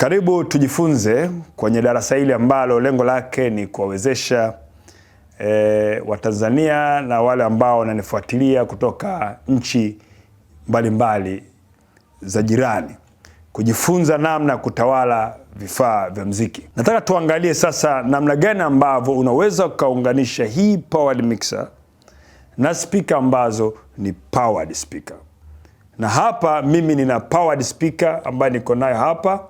Karibu tujifunze kwenye darasa hili ambalo lengo lake ni kuwawezesha e, Watanzania na wale ambao wananifuatilia kutoka nchi mbalimbali mbali za jirani kujifunza namna ya kutawala vifaa vya mziki. Nataka tuangalie sasa namna gani ambavyo unaweza ukaunganisha hii powered mixer na spika ambazo ni powered speaker. Na hapa mimi nina powered speaker ambayo niko nayo hapa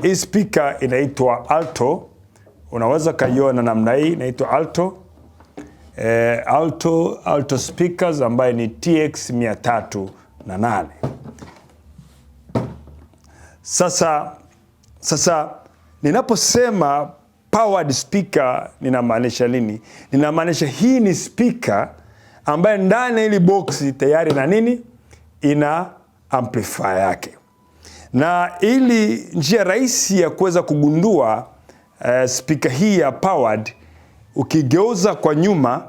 hii speaker inaitwa alto, unaweza kaiona namna hii, inaitwa alto e, alto alto speakers ambayo ni TX 308. Sasa sasa ninaposema powered speaker ninamaanisha nini? Ninamaanisha hii ni speaker ambayo ndani ya hili boksi tayari na nini ina amplifier yake na ili njia rahisi ya kuweza kugundua uh, eh, spika hii ya powered, ukigeuza kwa nyuma,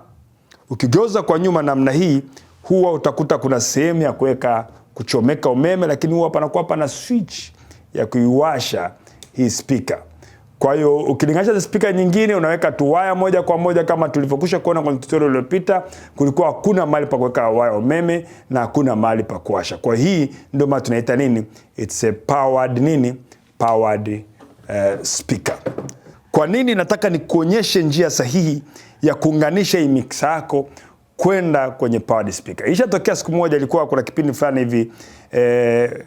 ukigeuza kwa nyuma namna hii, huwa utakuta kuna sehemu ya kuweka kuchomeka umeme, lakini huwa panakuwa pana switch ya kuiwasha hii spika. Kwa hiyo ukilinganisha na spika nyingine, unaweka tu waya moja kwa moja kama tulivyokwisha kuona kwenye tutorial iliyopita, kulikuwa hakuna mahali pa kuweka waya umeme na hakuna mahali pa kuwasha. Kwa hii ndio maana tunaita nini, it's a powered nini, powered uh, speaker. Kwa nini nataka nikuonyeshe njia sahihi ya kuunganisha hii mixer yako kwenda kwenye powered speaker. Ishatokea siku moja, ilikuwa kuna kipindi fulani hivi eh,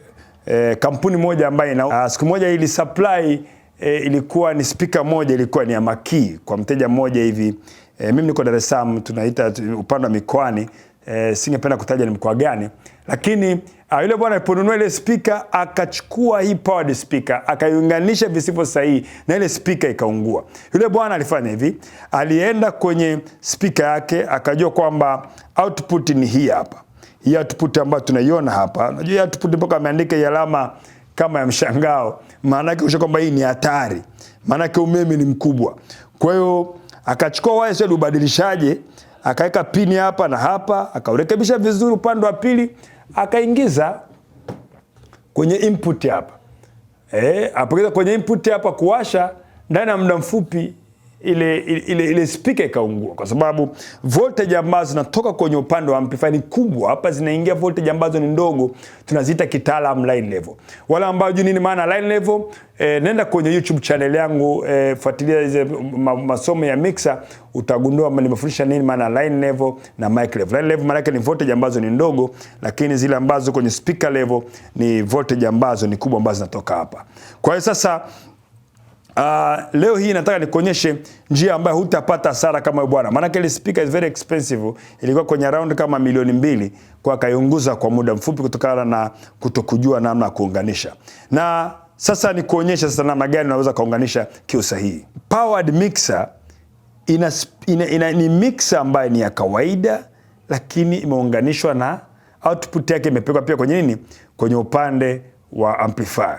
eh, kampuni moja ambayo ah, siku moja ili supply e, ilikuwa ni spika moja ilikuwa ni ya Makii kwa mteja mmoja hivi e, mimi niko Dar es Salaam, tunaita upande wa mikoani e, singependa kutaja ni mkoa gani, lakini a, yule bwana aliponunua ile spika akachukua hii powered speaker akaiunganisha visivyo sahihi na ile spika ikaungua. Yule bwana alifanya hivi, alienda kwenye spika yake akajua kwamba output ni hii hapa hii output ambayo tunaiona hapa. Unajua output mpaka ameandika alama kama ya mshangao maana yake usha kwamba hii ni hatari, maana yake umeme ni mkubwa. Kwa hiyo akachukua waya sio ubadilishaje, akaweka pini hapa na hapa, akaurekebisha vizuri upande wa pili, akaingiza kwenye input hapa eh, apokeza kwenye input hapa kuwasha, ndani ya muda mfupi ile, ile, ile spika ikaungua, kwa sababu voltage ambazo zinatoka kwenye upande wa amplifier ni kubwa. Hapa zinaingia voltage ambazo ni ndogo, tunaziita kitaalam line level. Wala ambao juu nini maana line level e, nenda kwenye YouTube channel yangu e, fuatilia hizo mm, masomo ya mixer, utagundua nimefundisha nini maana line level na mic level. Line level maana yake ni voltage ambazo ni ndogo, lakini zile ambazo kwenye speaker level ni voltage ambazo ni kubwa ambazo zinatoka hapa. Kwa hiyo sasa Uh, leo hii nataka nikuonyeshe njia ambayo hutapata hasara kama huyo bwana. Maana ile speaker is very expensive. Ilikuwa kwenye round kama milioni mbili kwa akaiunguza kwa muda mfupi kutokana na kutokujua namna ya kuunganisha. Na sasa nikuonyeshe sasa namna gani unaweza kaunganisha kiusahihi. Powered mixer ina, ina, ina, ni mixer ambayo ni ya kawaida lakini imeunganishwa na output yake imepigwa pia kwenye nini? Kwenye upande wa amplifier.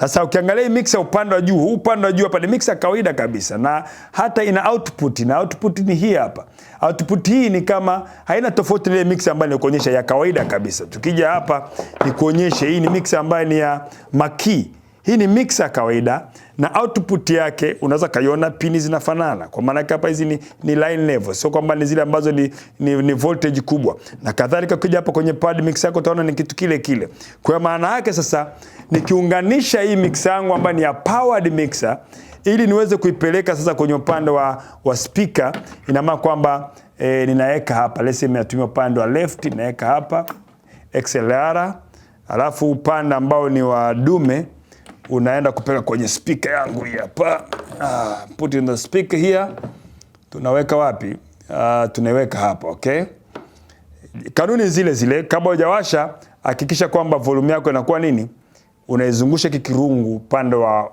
Sasa ukiangalia hii mixer upande wa juu, huu upande wa juu hapa ni mixer kawaida kabisa na hata ina output na output ni hii hapa. Output hii ni kama haina tofauti na ile mixer ambayo nilikuonyesha ya kawaida kabisa. Tukija hapa nikuonyeshe hii ni mixer ambayo ni ya Maki hii ni mixer ya kawaida na output yake unaweza kaiona, pini zinafanana. Kwa maana hapa hizi ni, ni line level, sio kwamba ni zile ambazo ni, ni, ni voltage kubwa na kadhalika. Ukija hapa kwenye pad mix yako utaona ni kitu kile kile. Kwa maana yake sasa, nikiunganisha hii mix yangu ambayo ni ya powered mixer ili niweze kuipeleka sasa kwenye upande wa, wa speaker, ina maana kwamba e, ninaweka hapa lesi imetumia upande wa left, naweka hapa XLR, alafu upande ambao ni wa dume unaenda kupeka kwenye speaker yangu hii hapa. Ah, put in the speaker here. Tunaweka wapi? Ah, tunaweka hapa, okay? Kanuni zile zile, kabla hujawasha hakikisha kwamba volume yako inakuwa nini? Unaizungusha kikirungu upande wa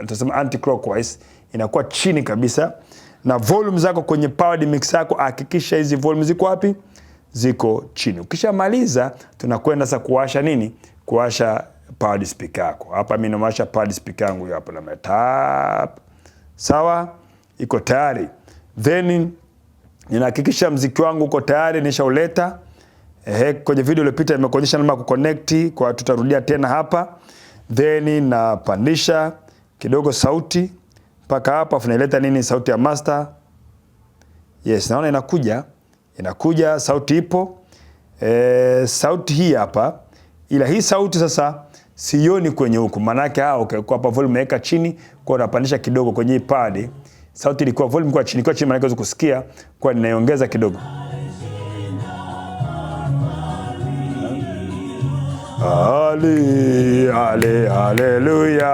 tutasema eh, uh, anti clockwise inakuwa chini kabisa, na volume zako kwenye powered mix yako hakikisha hizi volume ziko wapi? Ziko chini. Ukishamaliza tunakwenda sasa kuwasha nini? Kuwasha pad speaker yako hapa. Mimi namasha pad speaker yangu hapa na tap, sawa, iko tayari. Then ninahakikisha mziki wangu uko tayari, nishauleta. Ehe, kwenye video iliyopita nimekuonyesha namna kuconnect kwa, tutarudia tena hapa. Then napandisha kidogo sauti mpaka hapa, funaileta nini, sauti ya master. Yes, naona inakuja, inakuja sauti ipo. E, sauti hii hapa, ila hii sauti sasa sioni kwenye huku, manake hao ah, okay, kwa hapa volume naweka chini, kwa unapandisha kidogo kwenye hii pad. Sauti ilikuwa volume kwa chini kwa chini, manake unaweza kusikia, kwa ninaiongeza kidogo. Ali, ale, aleluya.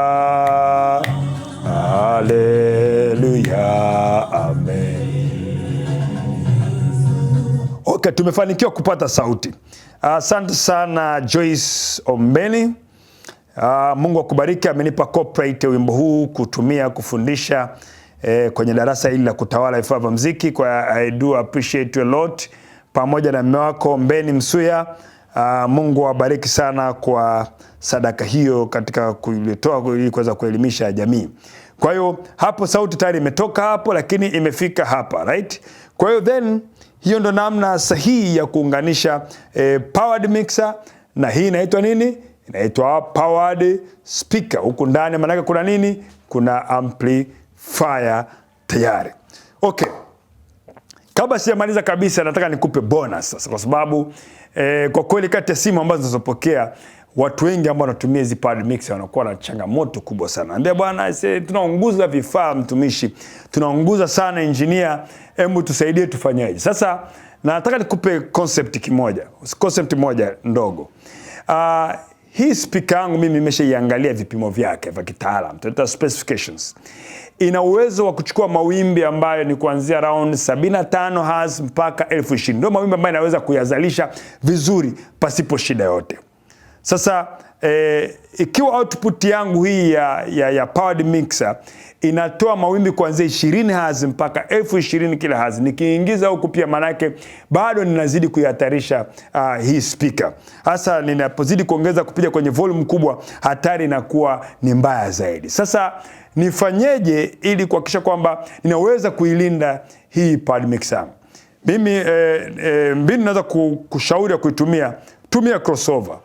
Aleluya. Amen. Okay, tumefanikiwa kupata sauti. Asante uh, sana Joyce Ombeni. Aa, ah, Mungu akubariki, amenipa copyright wimbo huu kutumia kufundisha eh, kwenye darasa hili la kutawala vifaa vya muziki kwa I do appreciate you a lot pamoja na mume wako Mbeni Msuya. Aa, ah, Mungu awabariki sana kwa sadaka hiyo katika kuitoa ili kuweza kuelimisha jamii. Kwa hiyo hapo sauti tayari imetoka hapo, lakini imefika hapa right. Kwa hiyo then hiyo ndo namna sahihi ya kuunganisha eh, powered mixer na hii inaitwa nini? inaitwa powered speaker. Huku ndani maanake kuna nini? Kuna amplifier tayari. Okay, kabla sijamaliza kabisa, nataka nikupe bonus sasa, kwa sababu eh, kwa kweli kati ya simu ambazo zinazopokea watu wengi ambao wanatumia hizi pad mix wanakuwa na changamoto kubwa sana. Ambia bwana, tunaunguza vifaa mtumishi, tunaunguza sana engineer, hebu tusaidie tufanyaje Sasa nataka nikupe concept kimoja, concept moja ndogo. Uh, hii spika yangu mimi imeshaiangalia vipimo vyake vya kitaalam, tunaita specifications. Ina uwezo wa kuchukua mawimbi ambayo ni kuanzia round 75 Hz mpaka elfu ndio mawimbi ambayo inaweza kuyazalisha vizuri pasipo shida yote. Sasa eh, ikiwa output yangu hii ya, ya, ya powered mixer inatoa mawimbi kuanzia 20 Hz mpaka elfu ishirini kila Hz, nikiingiza huku pia manake bado ninazidi kuihatarisha uh, hii speaker. Hasa ninapozidi kuongeza kupiga kwenye volume kubwa, hatari inakuwa ni mbaya zaidi. Sasa nifanyeje ili kuhakikisha kwamba ninaweza kuilinda hii powered mixer? Mimi eh, eh, mbinu naweza kushauri ya kuitumia, tumia crossover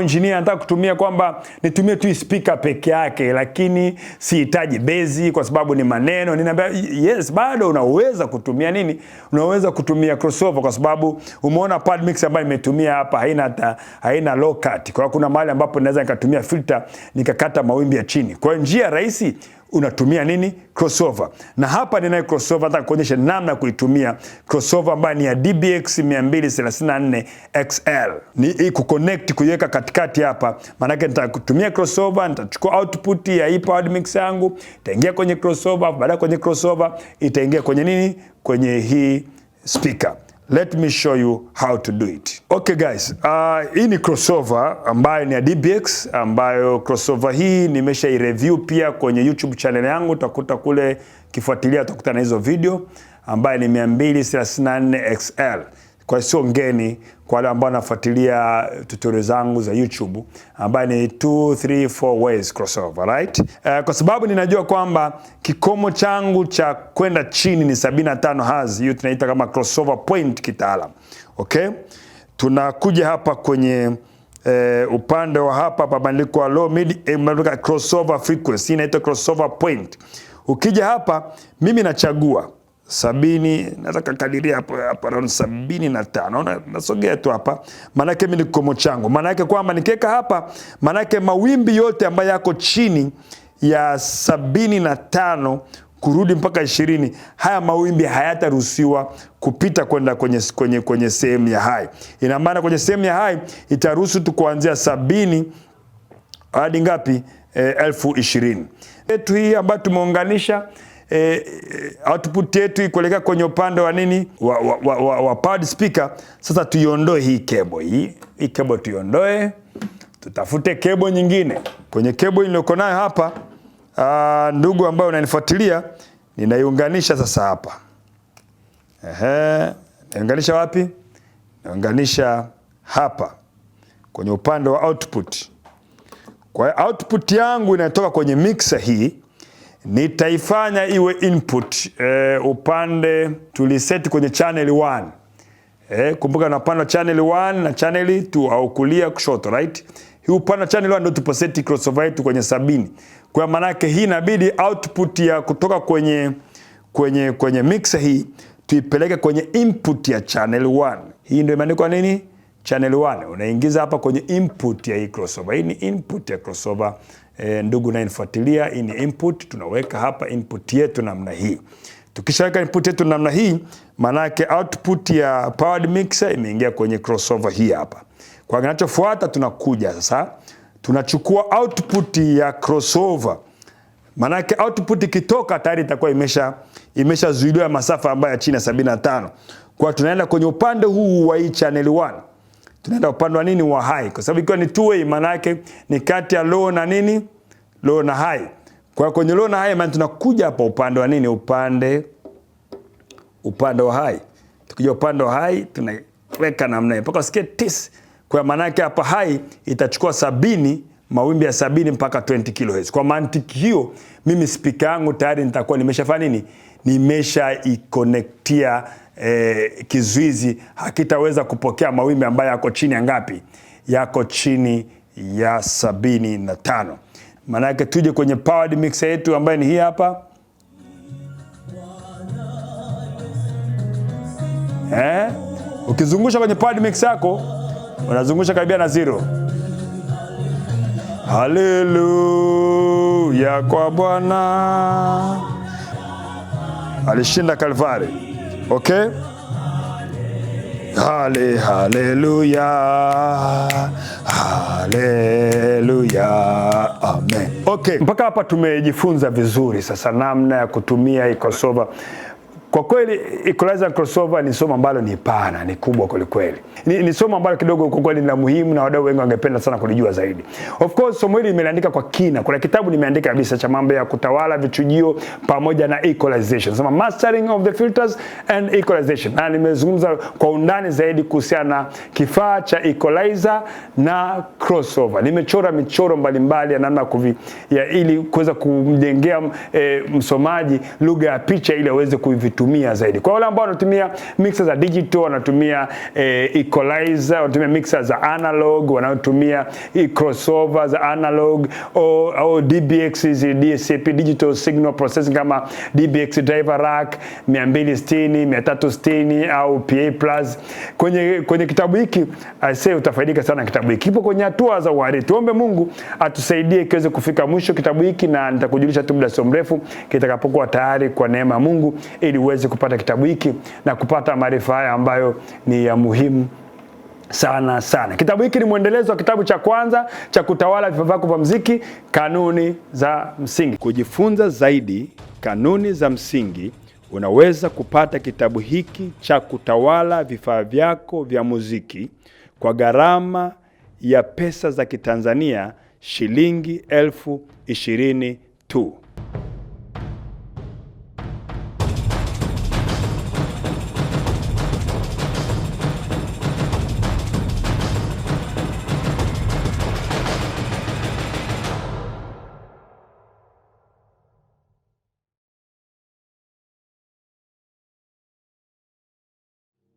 Engineer anataka kutumia kwamba nitumie tu speaker peke yake, lakini sihitaji bezi kwa sababu ni maneno. Ninaambia yes, bado unaweza kutumia nini, unaweza kutumia crossover kwa sababu umeona pad mix ambayo imetumia hapa haina hata haina low cut. Kwa kuna mahali ambapo naweza nikatumia filter nikakata mawimbi ya chini. Kwa njia rahisi unatumia nini crossover, na hapa ninayo crossover, nataka kuonyesha namna ya kuitumia crossover ambayo ni ya DBX 234 XL. Ni kuconnect kuiweka katikati hapa, maanake nitakutumia crossover, nitachukua output ya hii powered mix yangu, itaingia kwenye crossover, baadaye kwenye crossover itaingia kwenye nini, kwenye hii speaker. Let me show you how to do it. Okay guys, uh, hii ni crossover ambayo ni ya DBX ambayo crossover hii nimesha review pia kwenye YouTube channel yangu, utakuta kule kifuatilia, utakuta na hizo video ambayo ni 234 XL kwa sio ngeni kwa wale ambao wanafuatilia tutorial zangu za YouTube ambaye ni 2 3 4 ways crossover right. Uh, kwa sababu ninajua kwamba kikomo changu cha kwenda chini ni 75 Hz, hiyo tunaita kama crossover point kitaalam. Okay, tunakuja hapa kwenye uh, upande wa hapa pabandiko wa low mid eh, crossover frequency inaitwa crossover point. Ukija hapa mimi nachagua sabini, nataka kadiria hapo hapo around sabini na tano. Nasogea tu hapa, maanake mimi ni kikomo changu, maanake kwamba nikiweka hapa, maanake mawimbi yote ambayo yako chini ya sabini na tano kurudi mpaka ishirini, haya mawimbi hayataruhusiwa kupita kwenda kwenye, kwenye, kwenye sehemu ya hai. Ina maana kwenye sehemu ya hai itaruhusu tu kuanzia sabini hadi ngapi? E, elfu ishirini yetu hii ambayo tumeunganisha e, output yetu kuelekea kwenye upande wa nini wa, wa, wa, wa, wa powered speaker. Sasa tuiondoe hii kebo hii hii kebo tuiondoe, tutafute kebo nyingine. Kwenye kebo iliyoko nayo hapa aa, ah, ndugu ambayo unanifuatilia, ninaiunganisha sasa hapa. Ehe, naunganisha wapi? Naunganisha hapa kwenye upande wa output. Kwa output yangu inatoka kwenye mixer hii nitaifanya iwe input e, upande tuliseti kwenye channel 1 e, eh, kumbuka na upande wa channel 1 na channel 2 au kulia kushoto right. Hii upande wa channel 1 ndio seti crossover yetu kwenye sabini. Kwa maana yake hii inabidi output ya kutoka kwenye kwenye kwenye mixer hii tuipeleke kwenye input ya channel 1. Hii ndio imeandikwa nini? channel 1 unaingiza hapa kwenye input ya hii crossover. Hii ni input ya crossover e, ndugu na unanifuatilia, hii ni input. Tunaweka hapa input yetu namna hii. Tukishaweka input yetu namna hii, manake output ya powered mixer imeingia kwenye crossover hii hapa. Kwa kinachofuata, tunakuja sasa, tunachukua output ya crossover Manake output ikitoka tayari itakuwa imesha imeshazuiliwa masafa ambayo ya chini ya 75. Kwa tunaenda kwenye upande huu wa hii channel 1 tunaenda upande wa nini wa high, kwa sababu ikiwa ni two way, maana yake ni kati ya low na nini, low na high. Kwa kwenye low na high, maana tunakuja hapa upande wa nini, upande upande wa high. Tukija upande wa high, tunaweka namna hiyo mpaka usikie tis. Kwa maana yake hapa high itachukua sabini mawimbi ya sabini mpaka 20 kHz. Kwa mantiki hiyo, mimi spika yangu tayari nitakuwa nimeshafanya nini, nimeshaikonektia eh, kizuizi hakitaweza kupokea mawimbi ambayo yako chini ya ngapi, yako chini ya sabini na tano. Maana yake tuje kwenye powered mixer yetu ambayo ni hii hapa eh? Ukizungusha kwenye powered mix yako unazungusha karibia na zero. Haleluya kwa Bwana, alishinda Kalvari. Okay, hale haleluya, haleluya, amen. Okay, mpaka hapa tumejifunza vizuri sasa namna ya kutumia ikosova kwa kweli equalizer crossover ni somo ambalo ni pana, ni kubwa kwelikweli. Ni, ni somo ambalo kidogo kwa kweli ni la muhimu na wadau wengi wangependa sana kulijua zaidi. Of course somo hili nimeandika kwa kina. Kuna kitabu nimeandika kabisa cha mambo ya kutawala vichujio pamoja na equalization. Sema mastering of the filters and equalization. Na nimezungumza kwa undani zaidi kuhusiana na kifaa cha equalizer na crossover. Nimechora michoro mbalimbali ya namna kuvi ya ili kuweza kumjengea e, msomaji lugha ya picha ili aweze kuivitu wanatumia zaidi. Kwa wale ambao wanatumia mixer za digital, wanatumia e, equalizer, wanatumia mixer za analog, wanatumia e, crossover za analog au DBX hizi DSP digital signal processing kama DBX driver rack 260, 360 au PA plus. Kwenye kwenye kitabu hiki aisee, utafaidika sana. Kitabu hiki kipo kwenye hatua za uhariri. Tuombe Mungu atusaidie kiweze kufika mwisho kitabu hiki, na nitakujulisha tu muda sio mrefu kitakapokuwa tayari kwa neema ya Mungu ili uweze kupata kitabu hiki na kupata maarifa haya ambayo ni ya muhimu sana sana. Kitabu hiki ni mwendelezo wa kitabu cha kwanza cha Kutawala vifaa Vyako vya Muziki, Kanuni za Msingi. Kujifunza zaidi kanuni za msingi, unaweza kupata kitabu hiki cha Kutawala vifaa Vyako vya Muziki kwa gharama ya pesa za Kitanzania shilingi elfu ishirini tu.